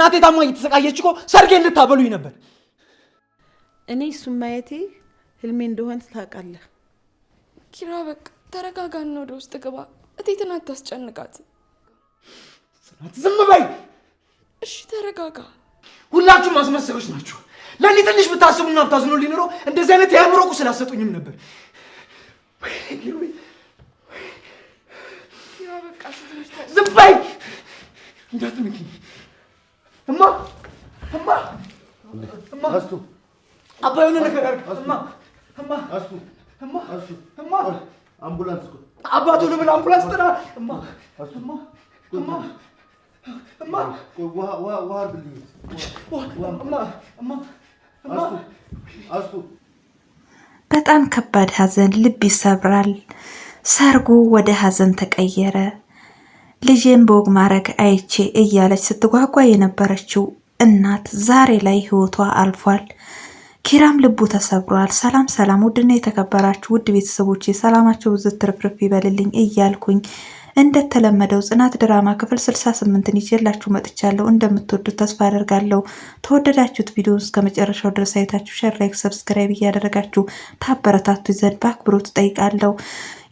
እናቴ ታማ እየተሰቃየች እኮ ሰርጌን ልታበሉኝ ነበር። እኔ እሱም ማየቴ ህልሜ እንደሆነ ታውቃለህ። ኪራ በቃ ተረጋጋና ወደ ውስጥ ግባ። እቴትን አታስጨንቃት። ዝም በይ እሺ። ተረጋጋ። ሁላችሁም አስመሰሎች ናችሁ። ለእኔ ትንሽ ብታስቡና ብታዝኖ ሊኖረው እንደዚህ አይነት የአእምሮ ቁስል አሰጡኝም ነበር። ዝም በይ እንዳትመኪኝ እማ እማ እማ አስቱ አባ የሆነ ነገር እማ እማ አስቱ እማ እማ አምቡላንስ እኮ አባቱ ልብል አምቡላንስ ጥራ እማ እማ እማ እማ አድርግልኝ እማ እማ እማ አስቱ በጣም ከባድ ሐዘን ልብ ይሰብራል። ሰርጉ ወደ ሐዘን ተቀየረ። ልጄን በወግ ማድረግ አይቼ እያለች ስትጓጓ የነበረችው እናት ዛሬ ላይ ህይወቷ አልፏል። ኪራም ልቡ ተሰብሯል። ሰላም ሰላም! ውድና የተከበራችሁ ውድ ቤተሰቦቼ ሰላማቸው ዝትርፍርፍ ይበልልኝ እያልኩኝ እንደተለመደው ጽናት ድራማ ክፍል 68ን ይዤላችሁ መጥቻለሁ። እንደምትወዱት ተስፋ አደርጋለሁ። ተወደዳችሁት ቪዲዮን እስከ መጨረሻው ድረስ አይታችሁ ሸር፣ ላይክ፣ ሰብስክራይብ እያደረጋችሁ ታበረታቱ ዘንድ በአክብሮት እጠይቃለሁ።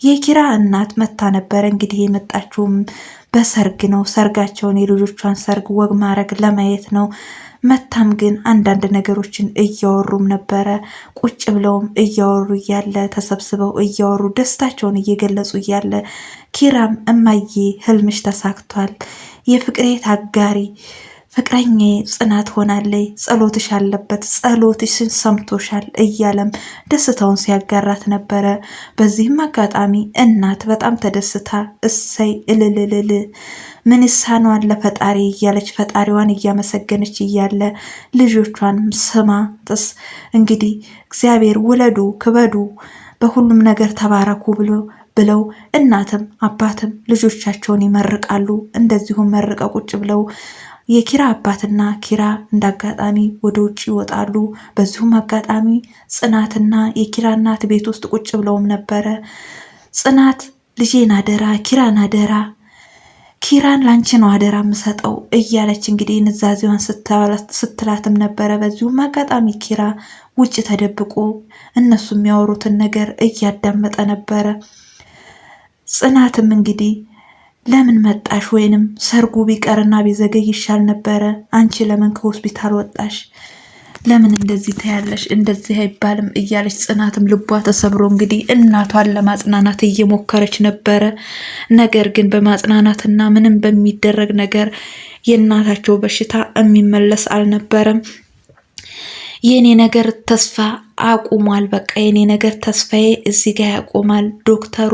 የኪራ እናት መታ ነበረ። እንግዲህ የመጣችሁም በሰርግ ነው። ሰርጋቸውን የልጆቿን ሰርግ ወግ ማድረግ ለማየት ነው። መታም ግን አንዳንድ ነገሮችን እያወሩም ነበረ። ቁጭ ብለውም እያወሩ እያለ ተሰብስበው እያወሩ ደስታቸውን እየገለጹ እያለ ኪራም እማዬ ህልምሽ ተሳክቷል፣ የፍቅሬ ታጋሪ ፍቅረኛ ጽናት ሆናለይ፣ ጸሎትሽ አለበት፣ ጸሎትሽን ሰምቶሻል እያለም ደስታውን ሲያጋራት ነበረ። በዚህም አጋጣሚ እናት በጣም ተደስታ እሰይ እልልልል ምን ይሳነዋል ለፈጣሪ እያለች ፈጣሪዋን እያመሰገነች እያለ ልጆቿን ስማ ጥስ እንግዲህ እግዚአብሔር ውለዱ ክበዱ በሁሉም ነገር ተባረኩ ብሎ ብለው እናትም አባትም ልጆቻቸውን ይመርቃሉ። እንደዚሁም መርቀ ቁጭ ብለው የኪራ አባትና ኪራ እንዳጋጣሚ ወደ ውጭ ይወጣሉ። በዚሁም አጋጣሚ ጽናትና የኪራ እናት ቤት ውስጥ ቁጭ ብለውም ነበረ። ጽናት ልጄን አደራ ኪራን አደራ ኪራን ላንቺ ነው አደራ የምሰጠው እያለች እንግዲህ ንዛዜዋን ስትላትም ነበረ። በዚሁም አጋጣሚ ኪራ ውጭ ተደብቆ እነሱ የሚያወሩትን ነገር እያዳመጠ ነበረ። ጽናትም እንግዲህ ለምን መጣሽ? ወይንም ሰርጉ ቢቀርና ቢዘገይ ይሻል ነበረ። አንቺ ለምን ከሆስፒታል ወጣሽ? ለምን እንደዚህ ታያለሽ? እንደዚህ አይባልም እያለች ጽናትም ልቧ ተሰብሮ እንግዲህ እናቷን ለማጽናናት እየሞከረች ነበረ። ነገር ግን በማጽናናትና ምንም በሚደረግ ነገር የእናታቸው በሽታ የሚመለስ አልነበረም። የእኔ ነገር ተስፋ አቁሟል። በቃ የኔ ነገር ተስፋዬ እዚህ ጋር ያቆማል። ዶክተሩ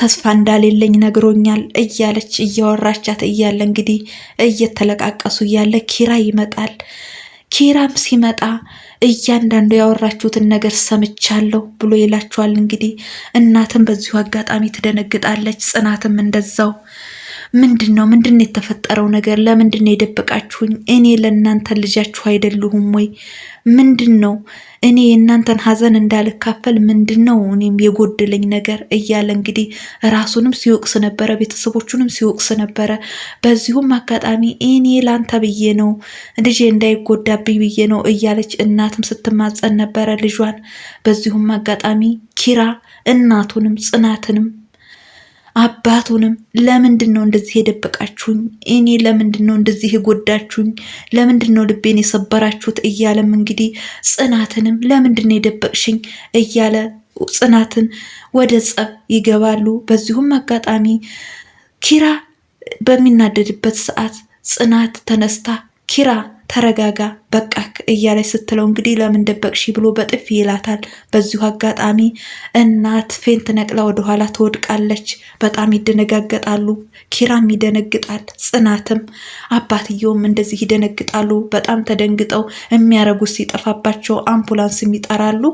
ተስፋ እንዳሌለኝ ነግሮኛል እያለች እያወራቻት እያለ እንግዲህ እየተለቃቀሱ እያለ ኪራ ይመጣል። ኪራም ሲመጣ እያንዳንዱ ያወራችሁትን ነገር ሰምቻለሁ ብሎ ይላችኋል። እንግዲህ እናትም በዚሁ አጋጣሚ ትደነግጣለች፣ ጽናትም እንደዛው ምንድን ነው ምንድን የተፈጠረው ነገር? ለምንድን ነው የደበቃችሁኝ? እኔ ለእናንተ ልጃችሁ አይደለሁም ወይ? ምንድን ነው እኔ የእናንተን ሀዘን እንዳልካፈል ምንድን ነው እኔም የጎደለኝ ነገር እያለ እንግዲህ ራሱንም ሲወቅስ ነበረ፣ ቤተሰቦቹንም ሲወቅስ ነበረ። በዚሁም አጋጣሚ እኔ ላንተ ብዬ ነው ልጄ እንዳይጎዳብኝ ብዬ ነው እያለች እናትም ስትማጸን ነበረ ልጇን። በዚሁም አጋጣሚ ኪራ እናቱንም ጽናትንም አባቱንም ለምንድን ነው እንደዚህ የደበቃችሁኝ? እኔ ለምንድን ነው እንደዚህ የጎዳችሁኝ? ለምንድን ነው ልቤን የሰበራችሁት? እያለም እንግዲህ ጽናትንም ለምንድን ነው የደበቅሽኝ እያለ ጽናትን ወደ ጸብ ይገባሉ። በዚሁም አጋጣሚ ኪራ በሚናደድበት ሰዓት ጽናት ተነስታ ኪራ ተረጋጋ በቃክ እያለች ስትለው እንግዲህ ለምን ደበቅሽ ብሎ በጥፊ ይላታል። በዚሁ አጋጣሚ እናት ፌንት ነቅላ ወደኋላ ትወድቃለች። በጣም ይደነጋገጣሉ። ኪራም ይደነግጣል፣ ጽናትም አባትየውም እንደዚህ ይደነግጣሉ። በጣም ተደንግጠው የሚያረጉት ሲጠፋባቸው አምቡላንስም ይጠራሉ፣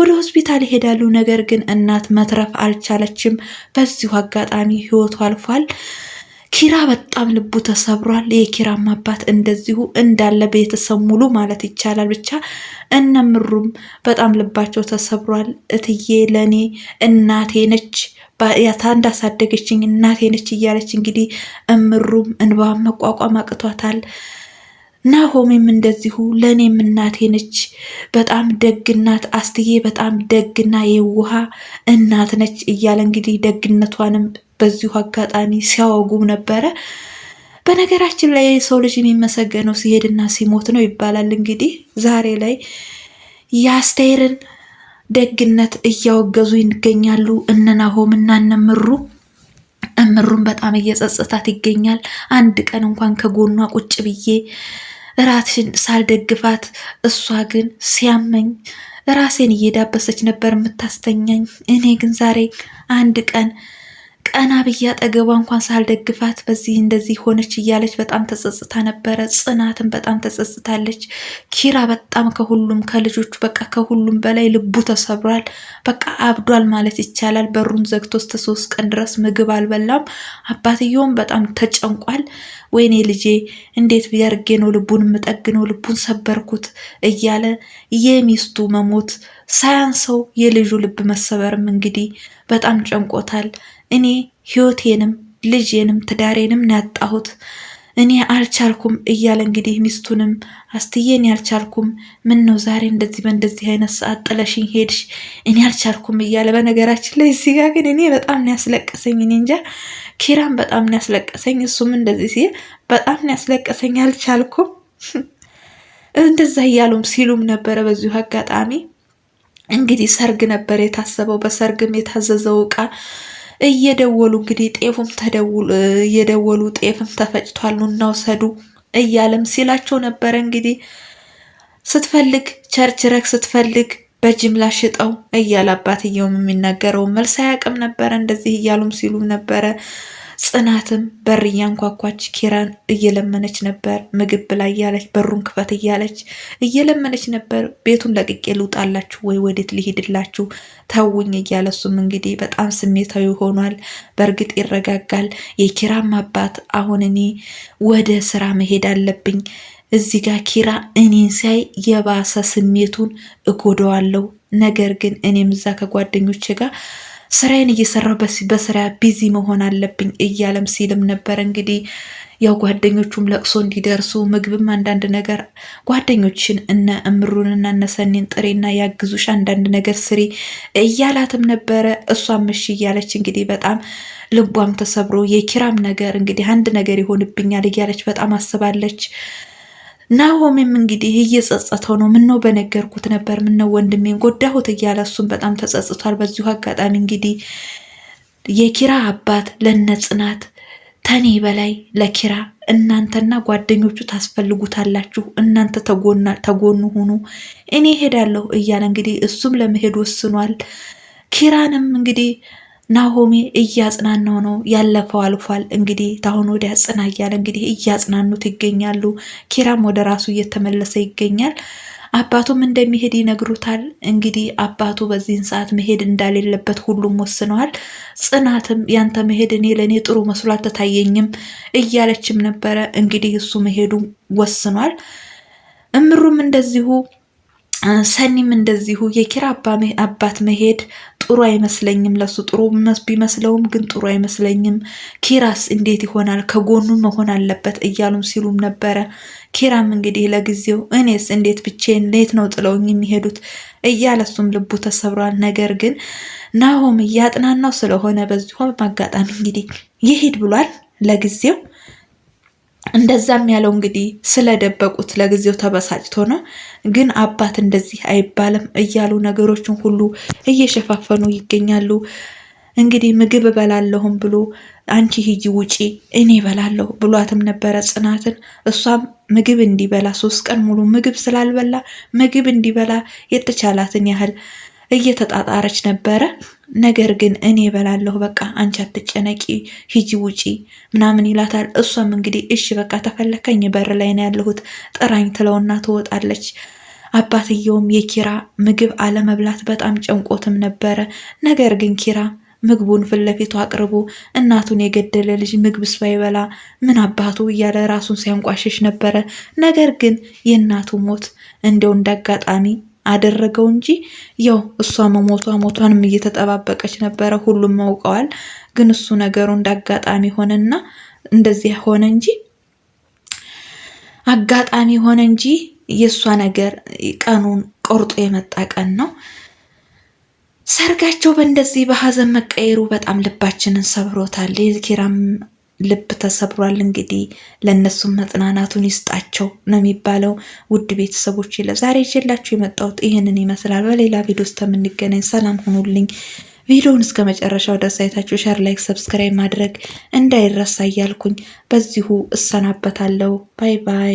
ወደ ሆስፒታል ይሄዳሉ። ነገር ግን እናት መትረፍ አልቻለችም። በዚሁ አጋጣሚ ህይወቱ አልፏል። ኪራ በጣም ልቡ ተሰብሯል። የኪራም አባት እንደዚሁ እንዳለ ቤተሰብ ሙሉ ማለት ይቻላል። ብቻ እነምሩም በጣም ልባቸው ተሰብሯል። እትዬ ለእኔ እናቴ ነች እንዳሳደገችኝ እናቴ ነች እያለች እንግዲህ እምሩም እንባም መቋቋም አቅቷታል። ናሆሜም እንደዚሁ ለእኔም እናቴ ነች፣ በጣም ደግናት አስትዬ፣ በጣም ደግና የውሃ እናት ነች እያለ እንግዲህ ደግነቷንም በዚሁ አጋጣሚ ሲያወጉም ነበረ። በነገራችን ላይ ሰው ልጅ የሚመሰገነው ሲሄድና ሲሞት ነው ይባላል። እንግዲህ ዛሬ ላይ የአስቴርን ደግነት እያወገዙ ይገኛሉ እነ ናሆም እና እነ ምሩ። እምሩን በጣም እየጸጸታት ይገኛል። አንድ ቀን እንኳን ከጎኗ ቁጭ ብዬ ራትሽን ሳልደግፋት እሷ ግን ሲያመኝ ራሴን እየዳበሰች ነበር የምታስተኛኝ። እኔ ግን ዛሬ አንድ ቀን ቀና ብዬ አጠገቧ እንኳን ሳልደግፋት በዚህ እንደዚህ ሆነች እያለች በጣም ተጸጽታ ነበረ። ጽናትን በጣም ተጸጽታለች። ኪራ በጣም ከሁሉም ከልጆቹ በቃ ከሁሉም በላይ ልቡ ተሰብሯል። በቃ አብዷል ማለት ይቻላል። በሩን ዘግቶ እስከ ሶስት ቀን ድረስ ምግብ አልበላም። አባትየውም በጣም ተጨንቋል። ወይኔ ልጄ እንዴት ቢያርጌ ነው ልቡን የምጠግነው? ልቡን ሰበርኩት እያለ የሚስቱ መሞት ሳያንሰው የልጁ ልብ መሰበርም እንግዲህ በጣም ጨንቆታል። እኔ ህይወቴንም ልጄንም ትዳሬንም ናጣሁት እኔ አልቻልኩም እያለ እንግዲህ ሚስቱንም አስትዬን ያልቻልኩም ምን ነው ዛሬ እንደዚህ በእንደዚህ አይነት ሰዓት ጥለሽኝ ሄድሽ፣ እኔ አልቻልኩም እያለ በነገራችን ላይ እዚህ ጋር ግን እኔ በጣም ነው ያስለቀሰኝ። እኔ እንጃ ኪራም በጣም ነው ያስለቀሰኝ። እሱም እንደዚህ ሲል በጣም ነው ያስለቀሰኝ። አልቻልኩም እንደዛ እያሉም ሲሉም ነበረ። በዚሁ አጋጣሚ እንግዲህ ሰርግ ነበር የታሰበው፣ በሰርግም የታዘዘው ዕቃ እየደወሉ እንግዲህ ጤፉም ተደውሉ እየደወሉ ጤፍም ተፈጭቷል ኑ እናውሰዱ እያለም ሲላቸው ነበረ። እንግዲህ ስትፈልግ ቸርችረክ ስትፈልግ በጅምላ ሽጠው እያለ አባትየውም የሚናገረው መልስ አያውቅም ነበረ። እንደዚህ እያሉም ሲሉም ነበረ። ጽናትም በር እያንኳኳች ኪራን እየለመነች ነበር። ምግብ ብላ እያለች በሩን ክፈት እያለች እየለመነች ነበር። ቤቱን ለቅቄ ልውጣላችሁ ወይ ወዴት ሊሄድላችሁ ተውኝ እያለ እሱም እንግዲህ በጣም ስሜታዊ ሆኗል። በእርግጥ ይረጋጋል። የኪራም አባት አሁን እኔ ወደ ስራ መሄድ አለብኝ፣ እዚህ ጋር ኪራ እኔን ሲያይ የባሰ ስሜቱን እጎደዋለሁ። ነገር ግን እኔም እዛ ከጓደኞቼ ጋር ስራዬን እየሰራሁ በስራ ቢዚ መሆን አለብኝ እያለም ሲልም ነበር። እንግዲህ ያው ጓደኞቹም ለቅሶ እንዲደርሱ ምግብም አንዳንድ ነገር ጓደኞችን እነ እና እነ ሰኒን ጥሬና ያግዙሽ አንዳንድ ነገር ስሪ እያላትም ነበረ። እሷም እሺ እያለች እንግዲህ በጣም ልቧም ተሰብሮ የኪራም ነገር እንግዲህ አንድ ነገር ይሆንብኛል እያለች በጣም አስባለች። ናሆምም እንግዲህ እየጸጸተው ነው። ምነው በነገርኩት ነበር፣ ምነው ወንድሜን ጎዳሁት እያለ እሱም በጣም ተጸጽቷል። በዚሁ አጋጣሚ እንግዲህ የኪራ አባት ለነጽናት ተኔ በላይ ለኪራ እናንተና ጓደኞቹ ታስፈልጉታላችሁ፣ እናንተ ተጎኑ ሁኑ፣ እኔ ሄዳለሁ እያለ እንግዲህ እሱም ለመሄድ ወስኗል። ኪራንም እንግዲህ ናሆሜ እያጽናናው ነው። ያለፈው አልፏል እንግዲህ ታሁን ወደ ያጸናያል እንግዲህ እያጽናኑት ይገኛሉ። ኪራም ወደ ራሱ እየተመለሰ ይገኛል። አባቱም እንደሚሄድ ይነግሩታል። እንግዲህ አባቱ በዚህን ሰዓት መሄድ እንዳሌለበት ሁሉም ወስነዋል። ጽናትም ያንተ መሄድ እኔ ለእኔ ጥሩ መስሎ አልተታየኝም እያለችም ነበረ። እንግዲህ እሱ መሄዱ ወስኗል። እምሩም እንደዚሁ ሰኒም እንደዚሁ የኪራ አባት መሄድ ጥሩ አይመስለኝም። ለሱ ጥሩ ቢመስለውም ግን ጥሩ አይመስለኝም። ኪራስ እንዴት ይሆናል? ከጎኑ መሆን አለበት እያሉም ሲሉም ነበረ። ኪራም እንግዲህ ለጊዜው እኔስ እንዴት ብቼን ሌት ነው ጥለውኝ የሚሄዱት እያለ እሱም ልቡ ተሰብሯል። ነገር ግን ናሆም እያጥናናው ስለሆነ በዚሁ አጋጣሚ እንግዲህ ይሄድ ብሏል ለጊዜው እንደዛም ያለው እንግዲህ ስለደበቁት ለጊዜው ተበሳጭቶ ነው። ግን አባት እንደዚህ አይባልም እያሉ ነገሮችን ሁሉ እየሸፋፈኑ ይገኛሉ። እንግዲህ ምግብ እበላለሁም ብሎ አንቺ ሂጂ ውጪ እኔ እበላለሁ ብሏትም ነበረ ጽናትን። እሷም ምግብ እንዲበላ ሶስት ቀን ሙሉ ምግብ ስላልበላ ምግብ እንዲበላ የተቻላትን ያህል እየተጣጣረች ነበረ። ነገር ግን እኔ እበላለሁ፣ በቃ አንቺ አትጨነቂ፣ ሂጂ ውጪ ምናምን ይላታል። እሷም እንግዲህ እሺ በቃ ተፈለከኝ በር ላይ ነው ያለሁት ጥራኝ ትለውና ትወጣለች። አባትየውም የኪራ ምግብ አለመብላት በጣም ጨንቆትም ነበረ። ነገር ግን ኪራ ምግቡን ፊት ለፊቱ አቅርቦ እናቱን የገደለ ልጅ ምግብስ ባይበላ ምን አባቱ እያለ ራሱን ሲያንቋሽሽ ነበረ። ነገር ግን የእናቱ ሞት እንደው እንዳጋጣሚ አደረገው እንጂ ያው እሷ መሞቷ ሞቷንም እየተጠባበቀች ነበረ። ሁሉም አውቀዋል። ግን እሱ ነገሩ እንዳጋጣሚ ሆነና እንደዚህ ሆነ እንጂ አጋጣሚ ሆነ እንጂ የእሷ ነገር ቀኑን ቆርጦ የመጣ ቀን ነው። ሰርጋቸው በእንደዚህ በሀዘን መቀየሩ በጣም ልባችንን ሰብሮታል። የኪራም ልብ ተሰብሯል። እንግዲህ ለእነሱም መጽናናቱን ይስጣቸው ነው የሚባለው። ውድ ቤተሰቦች ለዛሬ ይዤላችሁ የመጣሁት ይህንን ይመስላል። በሌላ ቪዲዮ ውስጥ የምንገናኝ ሰላም ሁኑልኝ። ቪዲዮውን እስከ መጨረሻው ደስ አይታችሁ ሸር፣ ላይክ፣ ሰብስክራይብ ማድረግ እንዳይረሳ እያልኩኝ በዚሁ እሰናበታለሁ። ባይ ባይ።